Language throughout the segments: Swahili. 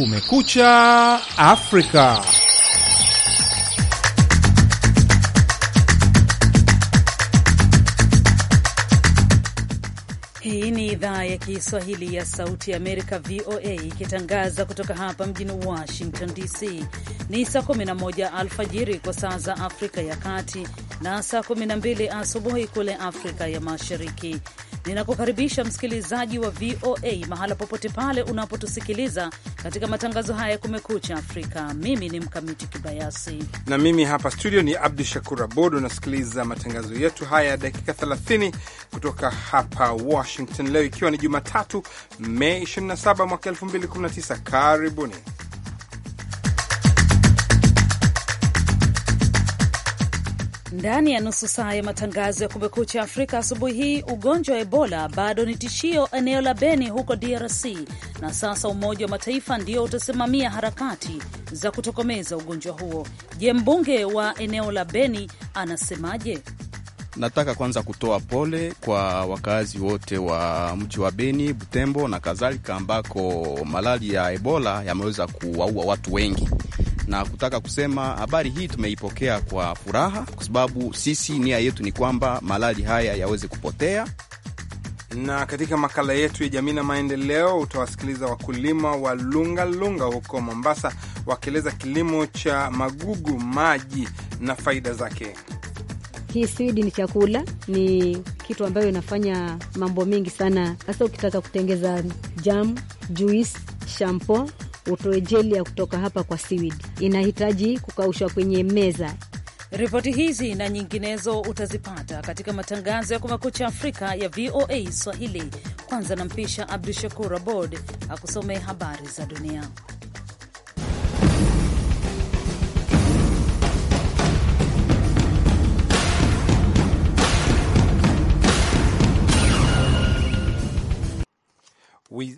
Kumekucha Afrika. Hii ni idhaa ya Kiswahili ya Sauti ya Amerika, VOA, ikitangaza kutoka hapa mjini Washington DC. Ni saa 11 alfajiri kwa saa za Afrika ya Kati na saa 12 asubuhi kule Afrika ya Mashariki. Ninakukaribisha msikilizaji wa VOA mahala popote pale unapotusikiliza katika matangazo haya ya Kumekucha Afrika. Mimi ni Mkamiti Kibayasi na mimi hapa studio ni Abdu Shakur Abod. Unasikiliza matangazo yetu haya ya dakika 30 kutoka hapa Washington, leo ikiwa ni Jumatatu, Mei 27 mwaka 2019. Karibuni. Ndani ya nusu saa ya matangazo ya Kumekucha Afrika asubuhi hii, ugonjwa wa Ebola bado ni tishio eneo la Beni huko DRC, na sasa Umoja wa Mataifa ndio utasimamia harakati za kutokomeza ugonjwa huo. Je, mbunge wa eneo la Beni anasemaje? Nataka kwanza kutoa pole kwa wakazi wote wa mji wa Beni, Butembo na kadhalika, ambako malali ya Ebola yameweza kuwaua watu wengi na kutaka kusema habari hii tumeipokea kwa furaha, kwa sababu sisi nia yetu ni kwamba malali haya yaweze kupotea. Na katika makala yetu ya jamii na maendeleo utawasikiliza wakulima wa Lungalunga huko Mombasa wakieleza kilimo cha magugu maji na faida zake. Hii swidi ni chakula, ni kitu ambayo inafanya mambo mengi sana, hasa ukitaka kutengeza jam, juice, shampoo utoe jeli ya kutoka hapa kwa siwid, inahitaji kukaushwa kwenye meza. Ripoti hizi na nyinginezo utazipata katika matangazo ya Kumekucha Afrika ya VOA Swahili. Kwanza nampisha Abdu Shakur Abod akusomee habari za dunia.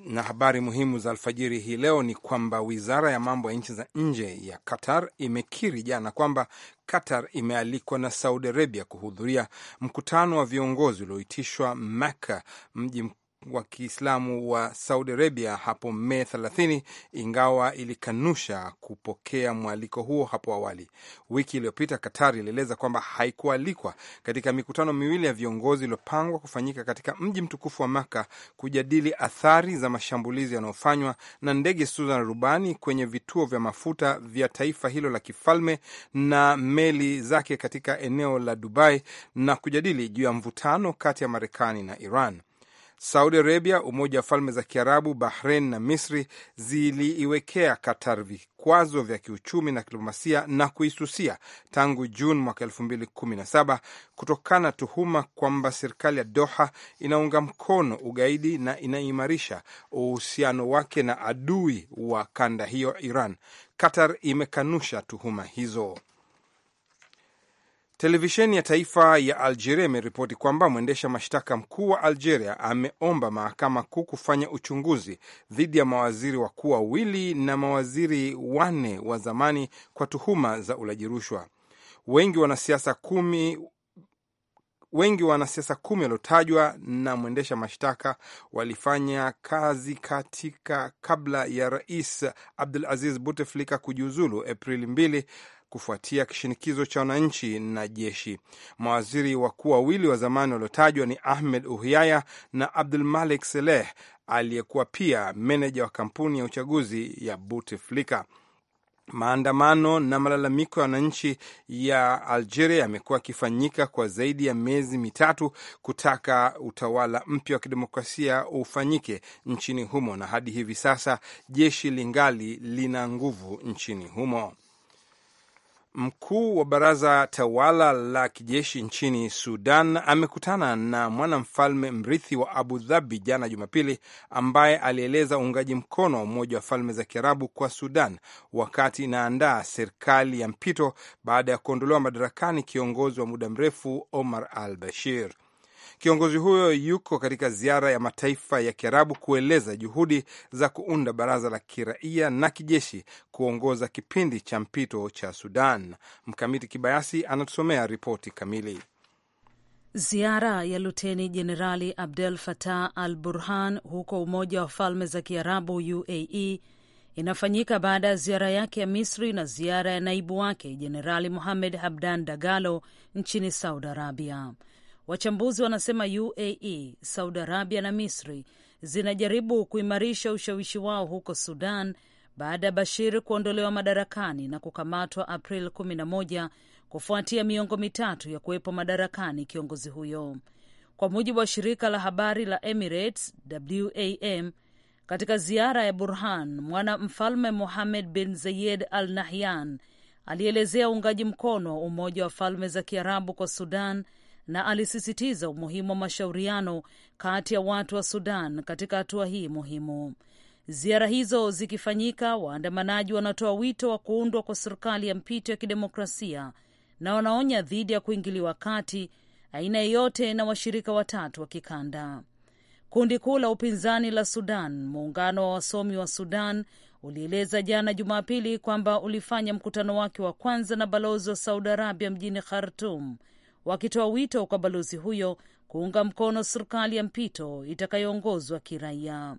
Na habari muhimu za alfajiri hii leo ni kwamba wizara ya mambo ya nchi za nje ya Qatar imekiri jana kwamba Qatar imealikwa na Saudi Arabia kuhudhuria mkutano wa viongozi ulioitishwa Mecca, mji wa Kiislamu wa Saudi Arabia hapo Mei 30, ingawa ilikanusha kupokea mwaliko huo hapo awali. Wiki iliyopita katari ilieleza kwamba haikualikwa katika mikutano miwili ya viongozi iliyopangwa kufanyika katika mji mtukufu wa Maka kujadili athari za mashambulizi yanayofanywa na ndege zisizo na rubani kwenye vituo vya mafuta vya taifa hilo la kifalme na meli zake katika eneo la Dubai na kujadili juu ya mvutano kati ya Marekani na Iran. Saudi Arabia, Umoja wa Falme za Kiarabu, Bahrain na Misri ziliiwekea Qatar vikwazo vya kiuchumi na kidiplomasia na kuisusia tangu Juni mwaka 2017 kutokana na tuhuma kwamba serikali ya Doha inaunga mkono ugaidi na inaimarisha uhusiano wake na adui wa kanda hiyo Iran. Qatar imekanusha tuhuma hizo. Televisheni ya taifa ya Algeria imeripoti kwamba mwendesha mashtaka mkuu wa Algeria ameomba mahakama kuu kufanya uchunguzi dhidi ya mawaziri wakuu wawili na mawaziri wanne wa zamani kwa tuhuma za ulaji rushwa. Wengi wanasiasa kumi wengi wanasiasa kumi waliotajwa na mwendesha mashtaka walifanya kazi katika kabla ya rais Abdul Aziz Buteflika kujiuzulu Aprili mbili kufuatia kishinikizo cha wananchi na jeshi. Mawaziri wakuu wawili wa zamani waliotajwa ni Ahmed uhyaya na Abdul Malik Seleh aliyekuwa pia meneja wa kampuni ya uchaguzi ya buteflika Maandamano na malalamiko ya wananchi ya Algeria yamekuwa yakifanyika kwa zaidi ya miezi mitatu kutaka utawala mpya wa kidemokrasia ufanyike nchini humo, na hadi hivi sasa jeshi lingali lina nguvu nchini humo. Mkuu wa baraza tawala la kijeshi nchini Sudan amekutana na mwanamfalme mrithi wa Abu Dhabi jana Jumapili, ambaye alieleza uungaji mkono wa Umoja wa Falme za Kiarabu kwa Sudan wakati inaandaa serikali ya mpito baada ya kuondolewa madarakani kiongozi wa muda mrefu Omar al Bashir. Kiongozi huyo yuko katika ziara ya mataifa ya Kiarabu kueleza juhudi za kuunda baraza la kiraia na kijeshi kuongoza kipindi cha mpito cha Sudan. Mkamiti Kibayasi anatusomea ripoti kamili. Ziara ya Luteni Jenerali Abdel Fattah al Burhan huko Umoja wa Falme za Kiarabu, UAE, inafanyika baada ya ziara yake ya Misri na ziara ya naibu wake Jenerali Mohamed Hamdan Dagalo nchini Saudi Arabia. Wachambuzi wanasema UAE, Saudi Arabia na Misri zinajaribu kuimarisha ushawishi wao huko Sudan baada ya Bashir kuondolewa madarakani na kukamatwa April 11 kufuatia miongo mitatu ya kuwepo madarakani kiongozi huyo. Kwa mujibu wa shirika la habari la Emirates WAM, katika ziara ya Burhan, mwana mfalme Mohammed bin Zayed Al Nahyan alielezea uungaji mkono wa Umoja wa Falme za Kiarabu kwa Sudan na alisisitiza umuhimu wa mashauriano kati ya watu wa Sudan katika hatua hii muhimu. Ziara hizo zikifanyika, waandamanaji wanatoa wito wa kuundwa kwa serikali ya mpito ya kidemokrasia na wanaonya dhidi ya kuingiliwa kati aina yeyote na washirika watatu wa kikanda. Kundi kuu la upinzani la Sudan, muungano wa wasomi wa Sudan, ulieleza jana Jumapili kwamba ulifanya mkutano wake wa kwanza na balozi wa Saudi Arabia mjini Khartum wakitoa wito kwa balozi huyo kuunga mkono serikali ya mpito itakayoongozwa kiraia.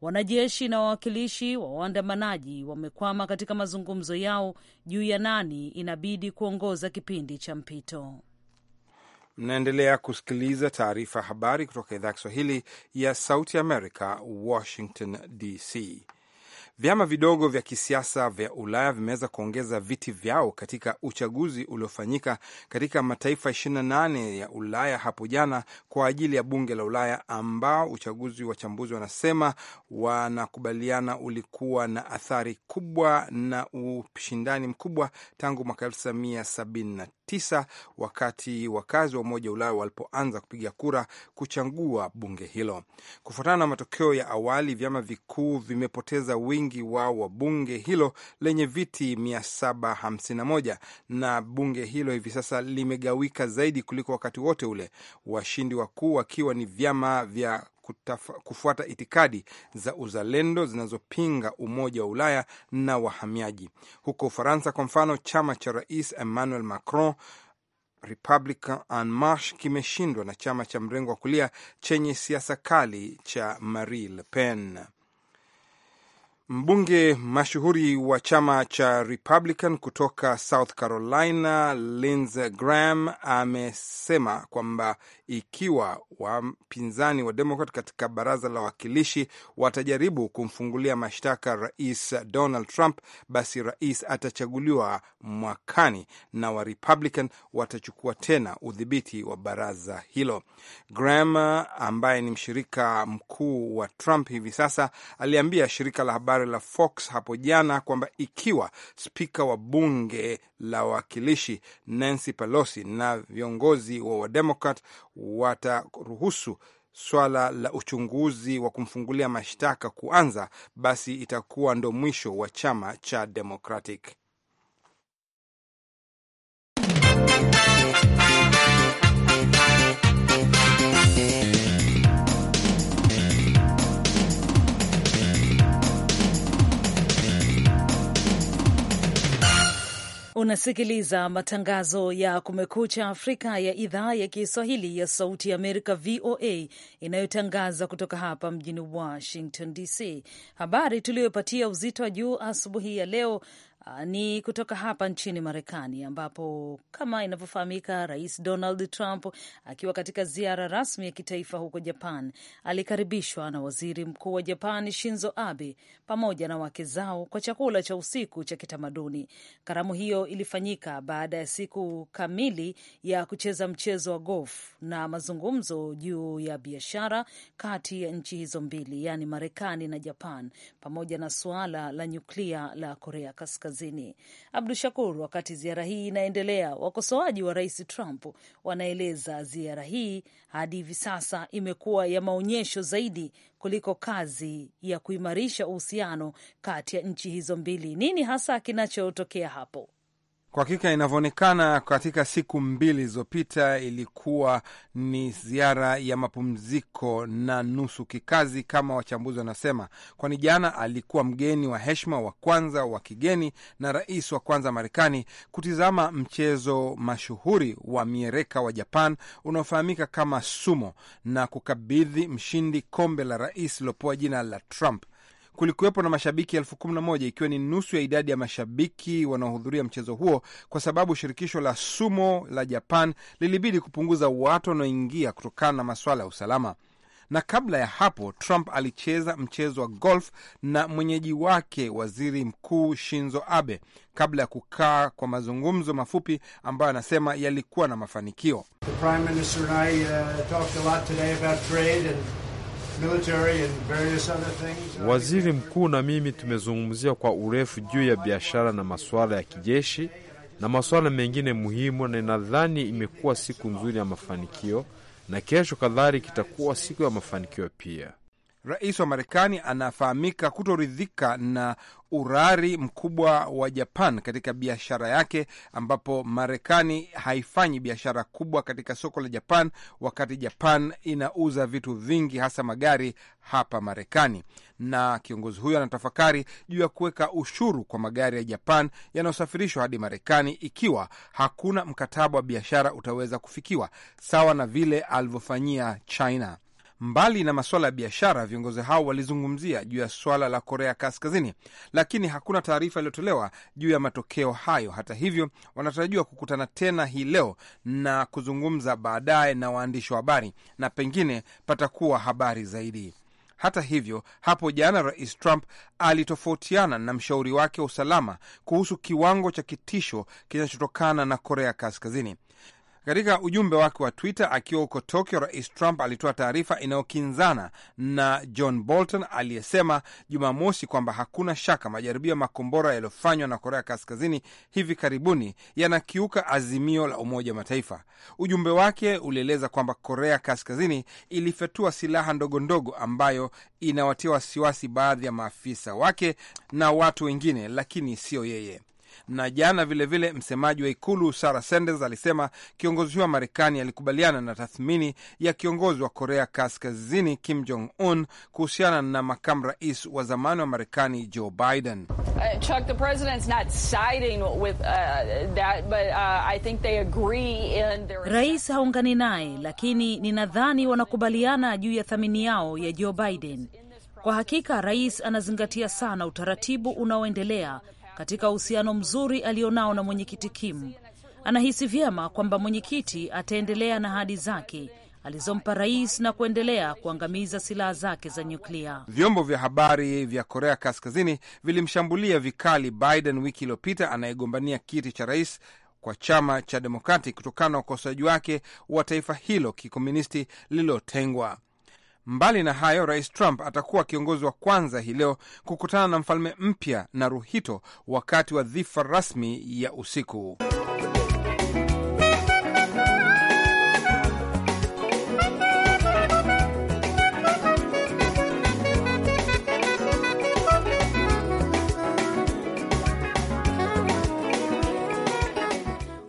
Wanajeshi na wawakilishi wa waandamanaji wamekwama katika mazungumzo yao juu ya nani inabidi kuongoza kipindi cha mpito. Mnaendelea kusikiliza taarifa ya habari kutoka idhaa ya Kiswahili ya Sauti Amerika, Washington DC. Vyama vidogo vya kisiasa vya Ulaya vimeweza kuongeza viti vyao katika uchaguzi uliofanyika katika mataifa 28 ya Ulaya hapo jana kwa ajili ya bunge la Ulaya, ambao uchaguzi wachambuzi wanasema wanakubaliana ulikuwa na athari kubwa na ushindani mkubwa tangu mwaka 1979 tisa wakati wakazi wa Umoja wa Ulaya walipoanza kupiga kura kuchangua bunge hilo. Kufuatana na matokeo ya awali, vyama vikuu vimepoteza wingi wao wa bunge hilo lenye viti 751 na bunge hilo hivi sasa limegawika zaidi kuliko wakati wote ule, washindi wakuu wakiwa ni vyama vya kutafa, kufuata itikadi za uzalendo zinazopinga umoja wa Ulaya na wahamiaji. Huko Ufaransa kwa mfano, chama cha rais Emmanuel Macron Republican en Marche kimeshindwa na chama cha mrengo wa kulia chenye siasa kali cha Marine Le Pen. Mbunge mashuhuri wa chama cha Republican kutoka South Carolina, Lindsey Graham amesema kwamba ikiwa wapinzani wa Demokrat katika baraza la wawakilishi watajaribu kumfungulia mashtaka Rais Donald Trump, basi rais atachaguliwa mwakani na Warepublican watachukua tena udhibiti wa baraza hilo. Graham ambaye ni mshirika mkuu wa Trump hivi sasa aliambia shirika la habari habari la Fox hapo jana kwamba ikiwa spika wa bunge la wawakilishi Nancy Pelosi na viongozi wa Wademokrat wataruhusu swala la uchunguzi wa kumfungulia mashtaka kuanza, basi itakuwa ndo mwisho wa chama cha Democratic. Unasikiliza matangazo ya Kumekucha Afrika ya idhaa ya Kiswahili ya Sauti ya Amerika, VOA, inayotangaza kutoka hapa mjini Washington DC. Habari tuliyopatia uzito wa juu asubuhi ya leo Ah, ni kutoka hapa nchini Marekani, ambapo kama inavyofahamika, Rais Donald Trump akiwa katika ziara rasmi ya kitaifa huko Japan alikaribishwa na Waziri Mkuu wa Japan Shinzo Abe pamoja na wake zao kwa chakula cha usiku cha kitamaduni. Karamu hiyo ilifanyika baada ya siku kamili ya kucheza mchezo wa golf na mazungumzo juu ya biashara kati ya nchi hizo mbili, yaani Marekani na Japan, pamoja na suala la nyuklia la Korea Kaskazini. Kaskazini. Abdu Shakur, wakati ziara hii inaendelea, wakosoaji wa Rais Trump wanaeleza ziara hii hadi hivi sasa imekuwa ya maonyesho zaidi kuliko kazi ya kuimarisha uhusiano kati ya nchi hizo mbili. Nini hasa kinachotokea hapo? Kwa hakika inavyoonekana, katika siku mbili zilizopita ilikuwa ni ziara ya mapumziko na nusu kikazi, kama wachambuzi wanasema, kwani jana alikuwa mgeni wa heshima wa kwanza wa kigeni na rais wa kwanza Marekani kutizama mchezo mashuhuri wa miereka wa Japan unaofahamika kama sumo na kukabidhi mshindi kombe la rais lilopewa jina la Trump kulikuwepo na mashabiki elfu kumi na moja ikiwa ni nusu ya idadi ya mashabiki wanaohudhuria mchezo huo, kwa sababu shirikisho la sumo la Japan lilibidi kupunguza watu wanaoingia kutokana na maswala ya usalama. Na kabla ya hapo Trump alicheza mchezo wa golf na mwenyeji wake waziri mkuu Shinzo Abe kabla ya kukaa kwa mazungumzo mafupi ambayo anasema yalikuwa na mafanikio. The Prime Waziri mkuu na mimi tumezungumzia kwa urefu juu ya biashara na masuala ya kijeshi na masuala mengine muhimu, na nadhani imekuwa siku nzuri ya mafanikio, na kesho kadhalika itakuwa siku ya mafanikio pia. Rais wa Marekani anafahamika kutoridhika na urari mkubwa wa Japan katika biashara yake, ambapo Marekani haifanyi biashara kubwa katika soko la Japan, wakati Japan inauza vitu vingi, hasa magari hapa Marekani. Na kiongozi huyo anatafakari juu ya kuweka ushuru kwa magari ya Japan yanayosafirishwa hadi Marekani ikiwa hakuna mkataba wa biashara utaweza kufikiwa, sawa na vile alivyofanyia China. Mbali na masuala ya biashara, viongozi hao walizungumzia juu ya swala la Korea Kaskazini, lakini hakuna taarifa iliyotolewa juu ya matokeo hayo. Hata hivyo, wanatarajiwa kukutana tena hii leo na kuzungumza baadaye na waandishi wa habari, na pengine patakuwa habari zaidi. Hata hivyo, hapo jana Rais Trump alitofautiana na mshauri wake wa usalama kuhusu kiwango cha kitisho kinachotokana na Korea Kaskazini. Katika ujumbe wake wa Twitter akiwa huko Tokyo, Rais Trump alitoa taarifa inayokinzana na John Bolton aliyesema Jumamosi kwamba hakuna shaka majaribio ya makombora yaliyofanywa na Korea Kaskazini hivi karibuni yanakiuka azimio la Umoja wa Mataifa. Ujumbe wake ulieleza kwamba Korea Kaskazini ilifyatua silaha ndogo ndogo ambayo inawatia wasiwasi baadhi ya maafisa wake na watu wengine, lakini siyo yeye. Na jana vilevile msemaji wa ikulu Sarah Sanders alisema kiongozi huyo wa Marekani alikubaliana na tathmini ya kiongozi wa Korea Kaskazini Kim Jong Un kuhusiana na makamu rais wa zamani wa Marekani Joe Biden. Uh, uh, uh, rais haungani naye, lakini ninadhani wanakubaliana juu ya thamini yao ya Joe Biden. Kwa hakika rais anazingatia sana utaratibu unaoendelea katika uhusiano mzuri alionao na mwenyekiti Kim. Anahisi vyema kwamba mwenyekiti ataendelea na ahadi zake alizompa rais na kuendelea kuangamiza silaha zake za nyuklia. Vyombo vya habari vya Korea Kaskazini vilimshambulia vikali Biden wiki iliyopita anayegombania kiti cha rais kwa chama cha Demokrati kutokana na ukosoaji wake wa taifa hilo kikomunisti lililotengwa. Mbali na hayo, Rais Trump atakuwa kiongozi wa kwanza hii leo kukutana na mfalme mpya Naruhito wakati wa dhifa rasmi ya usiku.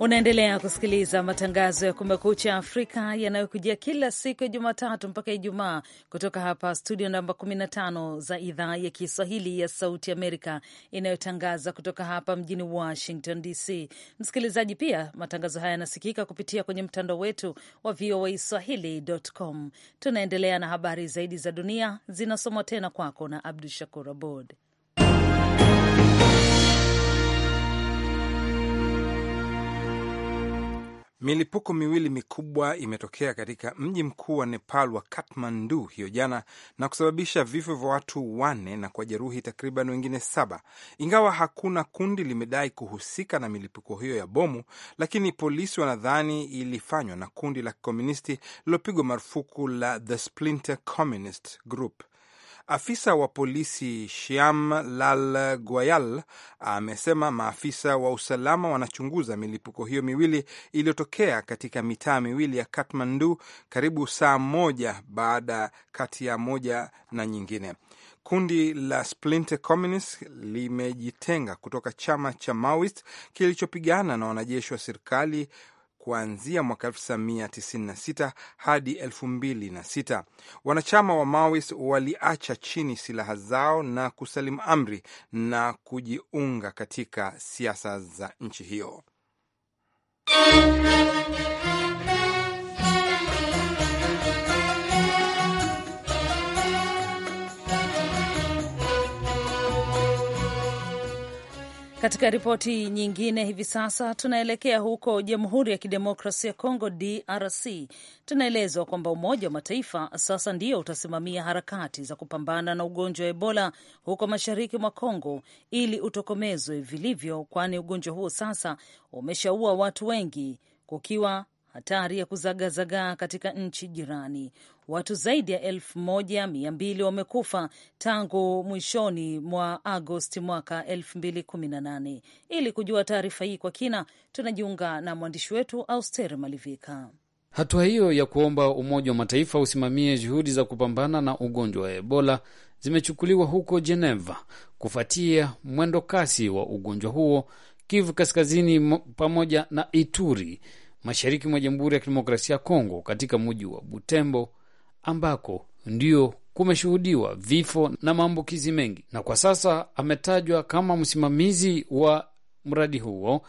Unaendelea kusikiliza matangazo ya Kumekucha Afrika yanayokujia kila siku ya Jumatatu mpaka Ijumaa kutoka hapa studio namba 15 za idhaa ya Kiswahili ya Sauti Amerika inayotangaza kutoka hapa mjini Washington DC. Msikilizaji, pia matangazo haya yanasikika kupitia kwenye mtandao wetu wa VOA Swahili.com. Tunaendelea na habari zaidi za dunia, zinasomwa tena kwako na Abdu Shakur Abod. Milipuko miwili mikubwa imetokea katika mji mkuu wa Nepal wa Kathmandu hiyo jana na kusababisha vifo vya watu wanne na kujeruhi takriban wengine saba. Ingawa hakuna kundi limedai kuhusika na milipuko hiyo ya bomu, lakini polisi wanadhani ilifanywa na kundi la kikomunisti lililopigwa marufuku la The Splinter Communist Group. Afisa wa polisi Shiam Lal Gwayal amesema maafisa wa usalama wanachunguza milipuko hiyo miwili iliyotokea katika mitaa miwili ya Kathmandu karibu saa moja baada kati ya moja na nyingine. Kundi la Splinter Communist limejitenga kutoka chama cha Maoist kilichopigana na wanajeshi wa serikali kuanzia mwaka 1996 hadi 2006. Wanachama wa Maoist waliacha chini silaha zao na kusalimu amri na kujiunga katika siasa za nchi hiyo. Katika ripoti nyingine, hivi sasa tunaelekea huko Jamhuri ya Kidemokrasia ya Kongo, DRC. Tunaelezwa kwamba Umoja wa Mataifa sasa ndio utasimamia harakati za kupambana na ugonjwa wa Ebola huko mashariki mwa Kongo ili utokomezwe vilivyo, kwani ugonjwa huo sasa umeshaua watu wengi, kukiwa hatari ya kuzagazagaa katika nchi jirani. Watu zaidi ya elfu moja mia mbili wamekufa tangu mwishoni mwa Agosti mwaka elfu mbili kumi na nane. Ili kujua taarifa hii kwa kina, tunajiunga na mwandishi wetu Auster Malivika. Hatua hiyo ya kuomba Umoja wa Mataifa usimamie juhudi za kupambana na ugonjwa wa Ebola zimechukuliwa huko Geneva kufuatia mwendo kasi wa ugonjwa huo Kivu Kaskazini pamoja na Ituri mashariki mwa Jamhuri ya Kidemokrasia ya Kongo, katika mji wa Butembo ambako ndio kumeshuhudiwa vifo na maambukizi mengi, na kwa sasa ametajwa kama msimamizi wa mradi huo.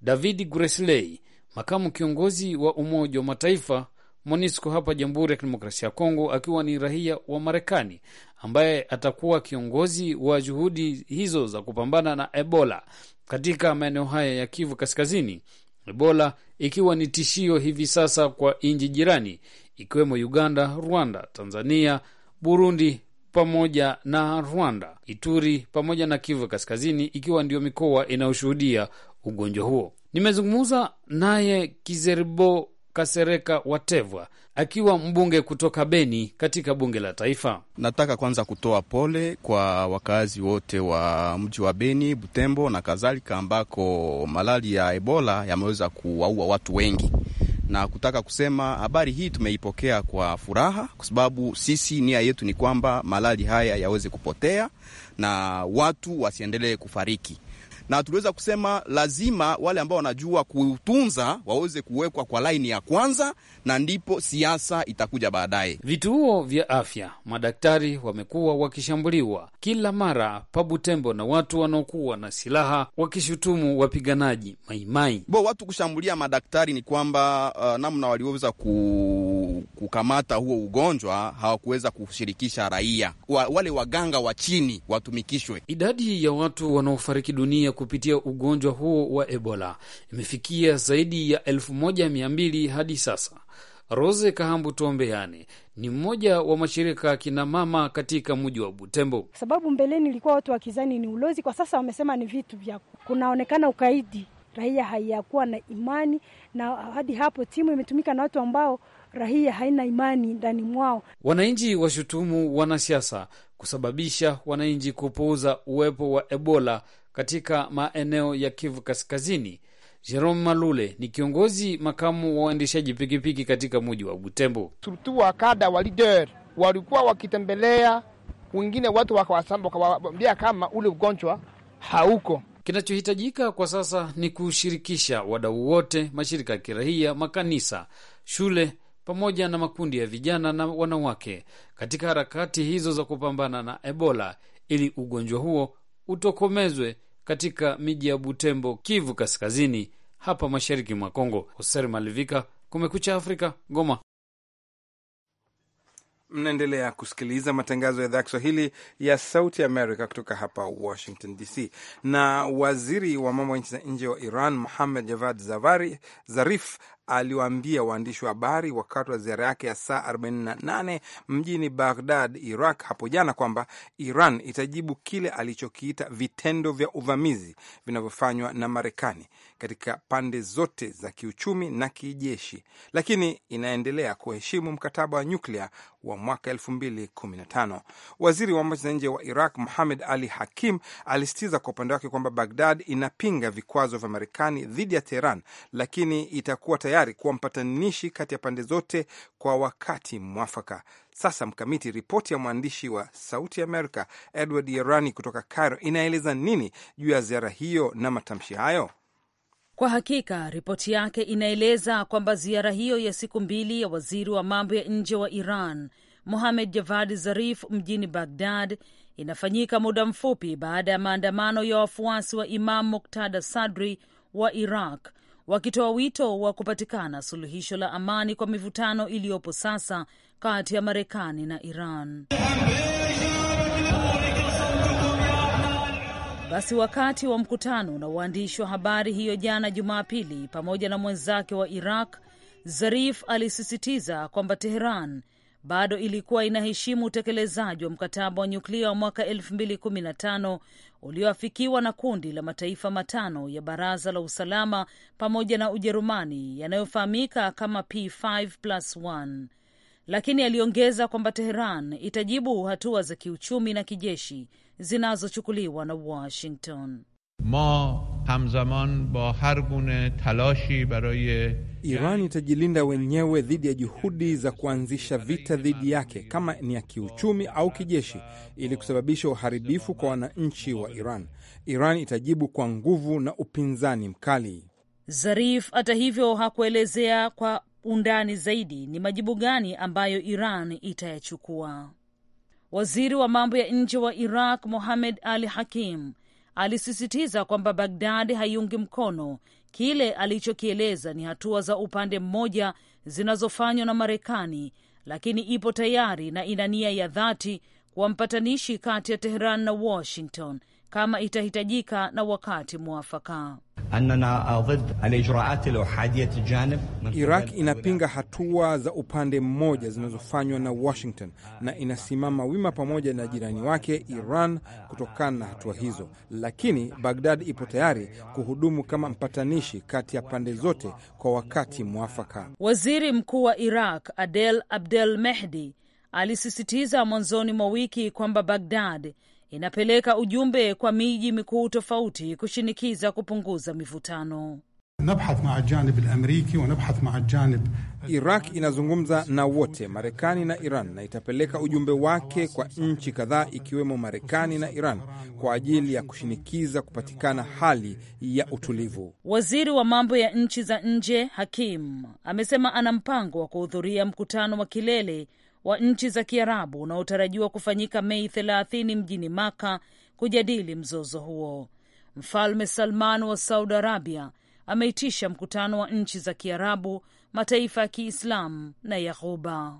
David Gresley, makamu kiongozi wa Umoja wa Mataifa MONUSCO hapa Jamhuri ya Kidemokrasia ya Kongo, akiwa ni raia wa Marekani ambaye atakuwa kiongozi wa juhudi hizo za kupambana na Ebola katika maeneo haya ya Kivu Kaskazini, Ebola ikiwa ni tishio hivi sasa kwa nchi jirani ikiwemo Uganda, Rwanda, Tanzania, Burundi pamoja na Rwanda, Ituri pamoja na Kivu Kaskazini, ikiwa ndiyo mikoa inayoshuhudia ugonjwa huo. Nimezungumza naye Kizeribo Kasereka Watevwa akiwa mbunge kutoka Beni katika bunge la Taifa. Nataka kwanza kutoa pole kwa wakazi wote wa mji wa Beni, Butembo na kadhalika, ambako malali ya Ebola yameweza kuwaua watu wengi na kutaka kusema habari hii tumeipokea kwa furaha, kwa sababu sisi nia yetu ni kwamba malali haya yaweze kupotea na watu wasiendelee kufariki na tuliweza kusema lazima wale ambao wanajua kutunza waweze kuwekwa kwa laini ya kwanza, na ndipo siasa itakuja baadaye. Vituo vya afya, madaktari wamekuwa wakishambuliwa kila mara pa Butembo na watu wanaokuwa na silaha wakishutumu wapiganaji maimai bo. Watu kushambulia madaktari ni kwamba uh, namna walioweza ku, kukamata huo ugonjwa hawakuweza kushirikisha raia wa, wale waganga wa chini watumikishwe. Idadi ya watu wanaofariki dunia kupitia ugonjwa huo wa Ebola imefikia zaidi ya elfu moja mia mbili hadi sasa. Rose Kahambu Tombeyani ni mmoja wa mashirika kinamama katika mji wa Butembo. Sababu mbeleni ilikuwa watu wakizani ni ulozi, kwa sasa wamesema ni vitu vya kunaonekana ukaidi, raia haiyakuwa na imani, na hadi hapo timu imetumika na watu ambao raia haina imani ndani mwao. Wananchi washutumu wanasiasa kusababisha wananchi kupuuza uwepo wa Ebola katika maeneo ya Kivu Kaskazini. Jerome Malule ni kiongozi makamu wa waendeshaji pikipiki katika muji wa Butembo. Surtu wakada wa lider walikuwa wakitembelea wengine watu wakawasamba, wakawaambia kama ule ugonjwa hauko. Kinachohitajika kwa sasa ni kushirikisha wadau wote, mashirika ya kiraia, makanisa, shule pamoja na makundi ya vijana na wanawake katika harakati hizo za kupambana na Ebola ili ugonjwa huo utokomezwe katika miji ya Butembo, Kivu Kaskazini, hapa mashariki mwa Kongo. Hoser Malivika, Kumekucha Afrika, Goma. Mnaendelea kusikiliza matangazo ya idhaa ya Kiswahili ya Sauti Amerika kutoka hapa Washington DC. Na waziri wa mambo ya nchi za nje wa Iran Muhammad Javad Zavari Zarif aliwaambia waandishi wa habari wakati wa ziara yake ya saa 48 mjini Baghdad, Iraq hapo jana kwamba Iran itajibu kile alichokiita vitendo vya uvamizi vinavyofanywa na Marekani katika pande zote za kiuchumi na kijeshi, lakini inaendelea kuheshimu mkataba wa nyuklia wa mwaka 2015. Waziri wa mambo ya nje wa Iraq Muhamed Ali Hakim alisitiza kwa upande wake kwamba Baghdad inapinga vikwazo vya Marekani dhidi ya Teheran, lakini itakuwa tayari tayari kuwa mpatanishi kati ya pande zote kwa wakati mwafaka. Sasa mkamiti ripoti ya mwandishi wa Sauti Amerika Edward Yerani kutoka Cairo inaeleza nini juu ya ziara hiyo na matamshi hayo? Kwa hakika ripoti yake inaeleza kwamba ziara hiyo ya siku mbili ya waziri wa mambo ya nje wa Iran Mohamed Javad Zarif mjini Bagdad inafanyika muda mfupi baada ya maandamano ya wafuasi wa Imam Muktada Sadri wa Iraq wakitoa wito wa kupatikana suluhisho la amani kwa mivutano iliyopo sasa kati ya Marekani na Iran. Basi wakati wa mkutano na waandishi wa habari hiyo jana Jumapili pamoja na mwenzake wa Iraq, Zarif alisisitiza kwamba Teheran bado ilikuwa inaheshimu utekelezaji wa mkataba wa nyuklia wa mwaka 2015 ulioafikiwa na kundi la mataifa matano ya Baraza la Usalama pamoja na Ujerumani yanayofahamika kama P5+1 lakini aliongeza kwamba Teheran itajibu hatua za kiuchumi na kijeshi zinazochukuliwa na Washington. ما همزمان با هر گونه تلاشی برای Iran itajilinda wenyewe dhidi ya juhudi za kuanzisha vita dhidi yake kama ni ya kiuchumi au kijeshi ili kusababisha uharibifu kwa wananchi wa Iran. Iran itajibu kwa nguvu na upinzani mkali. Zarif hata hivyo hakuelezea kwa undani zaidi ni majibu gani ambayo Iran itayachukua. Waziri wa mambo ya nje wa Iraq Mohamed Ali Hakim alisisitiza kwamba Bagdad haiungi mkono kile alichokieleza ni hatua za upande mmoja zinazofanywa na Marekani, lakini ipo tayari na ina nia ya dhati kuwa mpatanishi kati ya Teheran na Washington kama itahitajika na wakati mwafaka. Iraq inapinga hatua za upande mmoja zinazofanywa na Washington na inasimama wima pamoja na jirani wake Iran kutokana na hatua hizo, lakini Bagdad ipo tayari kuhudumu kama mpatanishi kati ya pande zote kwa wakati mwafaka. Waziri Mkuu wa Iraq Adel Abdel Mehdi alisisitiza mwanzoni mwa wiki kwamba Bagdad inapeleka ujumbe kwa miji mikuu tofauti kushinikiza kupunguza mivutano. Iraq inazungumza na wote, Marekani na Iran, na itapeleka ujumbe wake kwa nchi kadhaa ikiwemo Marekani na Iran kwa ajili ya kushinikiza kupatikana hali ya utulivu. Waziri wa mambo ya nchi za nje Hakim amesema ana mpango wa kuhudhuria mkutano wa kilele wa nchi za Kiarabu unaotarajiwa kufanyika Mei 30 mjini Maka kujadili mzozo huo. Mfalme Salman wa Saudi Arabia ameitisha mkutano wa nchi za Kiarabu, mataifa ya Kiislamu na yahuba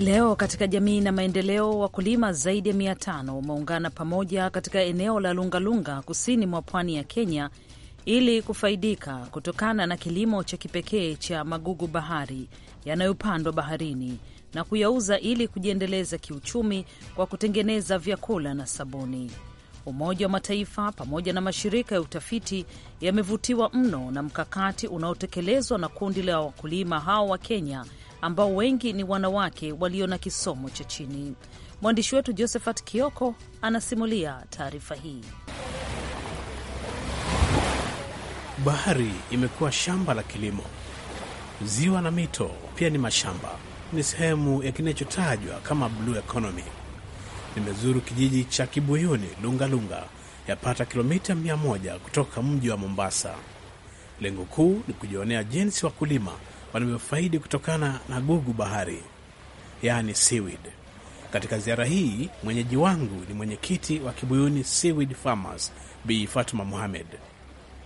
Leo katika jamii na maendeleo, wakulima zaidi ya mia tano wameungana pamoja katika eneo la Lungalunga kusini mwa pwani ya Kenya ili kufaidika kutokana na kilimo cha kipekee cha magugu bahari yanayopandwa baharini na kuyauza ili kujiendeleza kiuchumi kwa kutengeneza vyakula na sabuni. Umoja wa Mataifa pamoja na mashirika ya utafiti yamevutiwa mno na mkakati unaotekelezwa na kundi la wakulima hao wa Kenya ambao wengi ni wanawake walio na kisomo cha chini. Mwandishi wetu Josephat Kioko anasimulia taarifa hii. Bahari imekuwa shamba la kilimo, ziwa na mito pia ni mashamba, ni sehemu ya kinachotajwa kama blue economy. Nimezuru kijiji cha Kibuyuni Lungalunga, yapata kilomita 1 kutoka mji wa Mombasa. Lengo kuu ni kujionea jinsi wakulima wanavyofaidi kutokana na gugu bahari, yaani seaweed. Katika ziara hii mwenyeji wangu ni mwenyekiti wa Kibuyuni Seaweed Farmers Bi Fatuma Muhamed.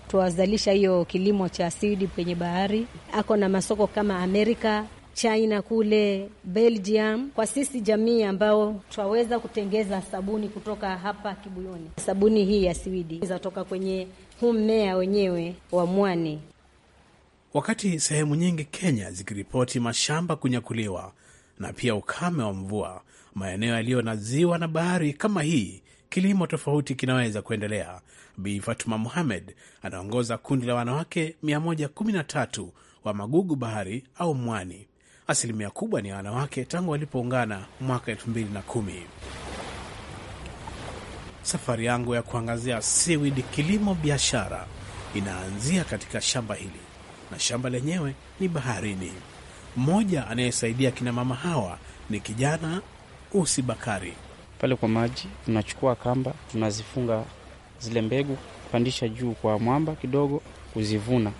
Tuwazalisha hiyo kilimo cha seaweed kwenye bahari, ako na masoko kama Amerika, China kule Belgium. Kwa sisi jamii ambao twaweza kutengeza sabuni kutoka hapa Kibuyuni, sabuni hii ya siwidi inatoka kwenye huu mmea wenyewe wa mwani. Wakati sehemu nyingi Kenya zikiripoti mashamba kunyakuliwa na pia ukame wa mvua, maeneo yaliyo na ziwa na bahari kama hii, kilimo tofauti kinaweza kuendelea. Bi Fatuma Muhamed anaongoza kundi la wanawake 113 wa Magugu Bahari au Mwani. Asilimia kubwa ni wanawake tangu walipoungana mwaka 2010. Safari yangu ya kuangazia seaweed kilimo biashara inaanzia katika shamba hili na shamba lenyewe ni baharini. Mmoja anayesaidia kina mama hawa ni kijana Usi Bakari. Pale kwa maji tunachukua kamba, tunazifunga zile mbegu, kupandisha juu kwa mwamba kidogo, kuzivuna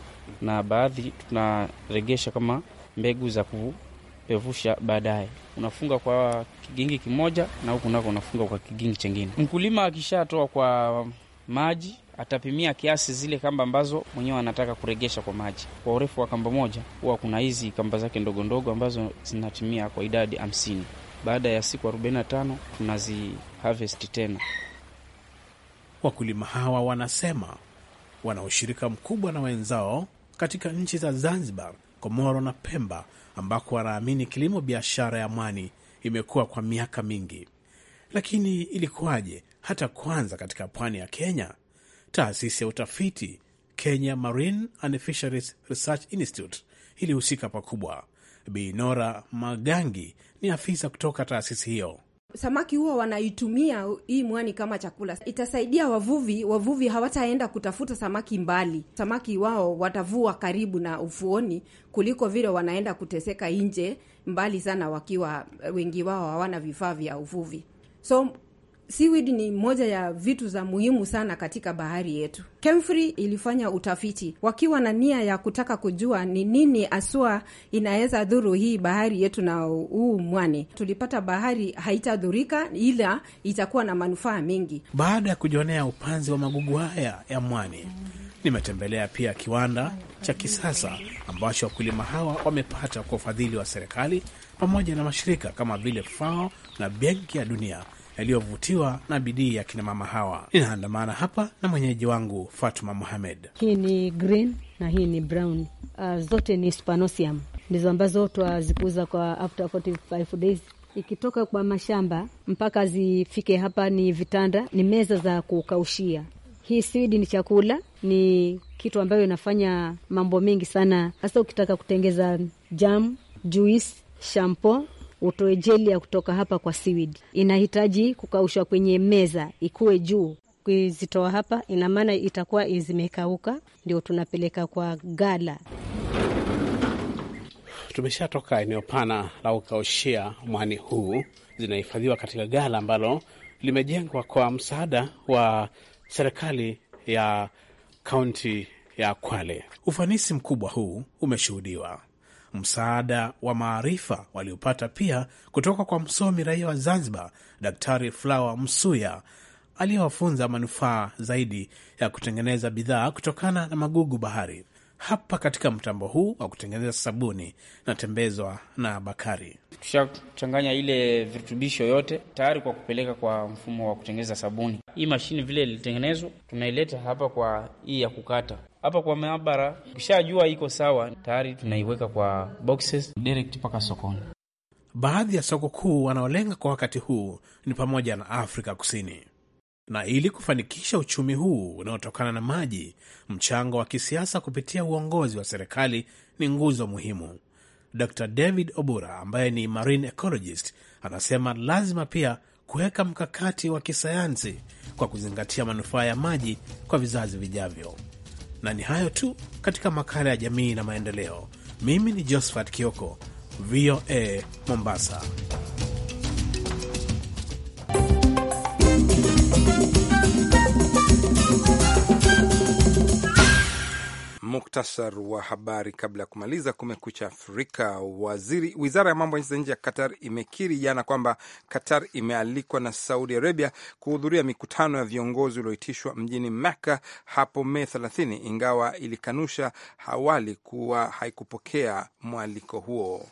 na baadhi tunaregesha kama mbegu za kupevusha baadaye. Unafunga kwa kigingi kimoja na huku nako unafunga kwa kigingi chengine. Mkulima akishatoa kwa maji atapimia kiasi zile kamba ambazo mwenyewe anataka kuregesha kwa maji. Kwa urefu wa kamba moja huwa kuna hizi kamba zake ndogo ndogo ambazo zinatimia kwa idadi hamsini. Baada ya siku 45 tunazi harvest tena. Wakulima hawa wanasema wana ushirika mkubwa na wenzao katika nchi za Zanzibar, Komoro na Pemba, ambako wanaamini kilimo biashara ya mwani imekuwa kwa miaka mingi. Lakini ilikuwaje hata kwanza katika pwani ya Kenya Taasisi ya utafiti Kenya Marine and Fisheries Research Institute ilihusika pakubwa. Binora Magangi ni afisa kutoka taasisi hiyo. Samaki huwa wanaitumia hii mwani kama chakula, itasaidia wavuvi. Wavuvi hawataenda kutafuta samaki mbali, samaki wao watavua karibu na ufuoni kuliko vile wanaenda kuteseka nje mbali sana, wakiwa wengi wao hawana vifaa vya uvuvi. So Seaweed ni moja ya vitu za muhimu sana katika bahari yetu. Kemfri ilifanya utafiti wakiwa na nia ya kutaka kujua ni nini aswa inaweza dhuru hii bahari yetu na huu mwani. Tulipata bahari haitadhurika, ila itakuwa na manufaa mengi. Baada ya kujionea upanzi wa magugu haya ya mwani, nimetembelea pia kiwanda cha kisasa ambacho wakulima hawa wamepata kwa ufadhili wa serikali pamoja na mashirika kama vile FAO na Benki ya Dunia yaliyovutiwa na bidii ya kinamama hawa. inaandamana hapa na mwenyeji wangu Fatuma muhamed Hii ni green na hii ni brown. Uh, zote ni spanosiam ndizo ambazo zikuuza kwa after 45 days ikitoka kwa mashamba mpaka zifike hapa. Ni vitanda, ni meza za kukaushia. Hii swidi ni chakula, ni kitu ambayo inafanya mambo mengi sana, hasa ukitaka kutengeza jam, juice, shampo utoe jeli ya kutoka hapa kwa seaweed. Inahitaji kukaushwa kwenye meza ikuwe juu kuzitoa hapa, ina maana itakuwa zimekauka, ndio tunapeleka kwa gala. Tumeshatoka eneo pana la ukaushia mwani huu, zinahifadhiwa katika gala ambalo limejengwa kwa msaada wa serikali ya kaunti ya Kwale. Ufanisi mkubwa huu umeshuhudiwa msaada wa maarifa waliopata pia kutoka kwa msomi raia wa Zanzibar, Daktari Flawa Msuya, aliyewafunza manufaa zaidi ya kutengeneza bidhaa kutokana na magugu bahari. Hapa katika mtambo huu wa kutengeneza sabuni natembezwa na Bakari. Tushachanganya ile virutubisho yote tayari kwa kupeleka kwa mfumo wa kutengeneza sabuni. Hii mashini vile ilitengenezwa, tunaileta hapa kwa hii ya kukata hapa kwa maabara. Ukishajua iko sawa, tayari tunaiweka kwa boxes direct mpaka sokoni. Baadhi ya soko kuu wanaolenga kwa wakati huu ni pamoja na Afrika Kusini. Na ili kufanikisha uchumi huu unaotokana na maji, mchango wa kisiasa kupitia uongozi wa serikali ni nguzo muhimu. Dr David Obura ambaye ni marine ecologist anasema lazima pia kuweka mkakati wa kisayansi kwa kuzingatia manufaa ya maji kwa vizazi vijavyo. Na ni hayo tu katika makala ya jamii na maendeleo. Mimi ni Josephat Kioko, VOA Mombasa. Muktasar wa habari kabla ya kumaliza. Kumekucha Afrika. Waziri wizara ya mambo ya nchi za nje ya Qatar imekiri jana kwamba Qatar imealikwa na Saudi Arabia kuhudhuria mikutano ya viongozi ulioitishwa mjini Mecca hapo Mei 30 ingawa ilikanusha awali kuwa haikupokea mwaliko huo.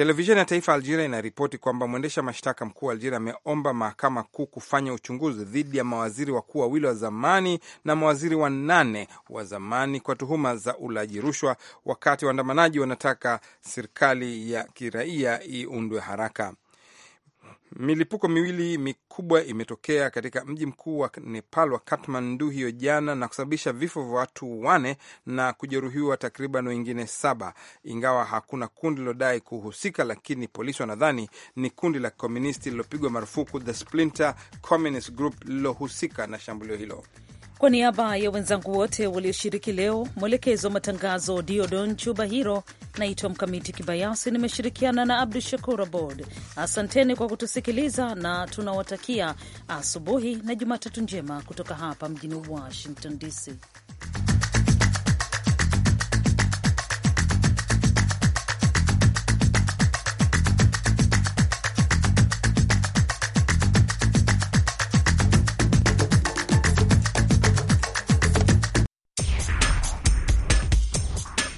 Televisheni ya taifa Algeria inaripoti kwamba mwendesha mashtaka mkuu wa Algeria ameomba mahakama kuu kufanya uchunguzi dhidi ya mawaziri wakuu wawili wa zamani na mawaziri wanane wa zamani kwa tuhuma za ulaji rushwa, wakati waandamanaji wanataka serikali ya kiraia iundwe haraka. Milipuko miwili mikubwa imetokea katika mji mkuu wa Nepal wa Kathmandu hiyo jana na kusababisha vifo vya watu wane na kujeruhiwa takriban wengine saba, ingawa hakuna kundi lilodai kuhusika, lakini polisi wanadhani ni kundi la komunisti lililopigwa marufuku, The Splinter Communist Group, lililohusika na shambulio hilo. Kwa niaba ya wenzangu wote walioshiriki leo, mwelekezo wa matangazo Diodon Chuba Hiro, naitwa Mkamiti Kibayasi, nimeshirikiana na Abdu Shakur Abord. Asanteni kwa kutusikiliza na tunawatakia asubuhi na Jumatatu njema kutoka hapa mjini Washington DC.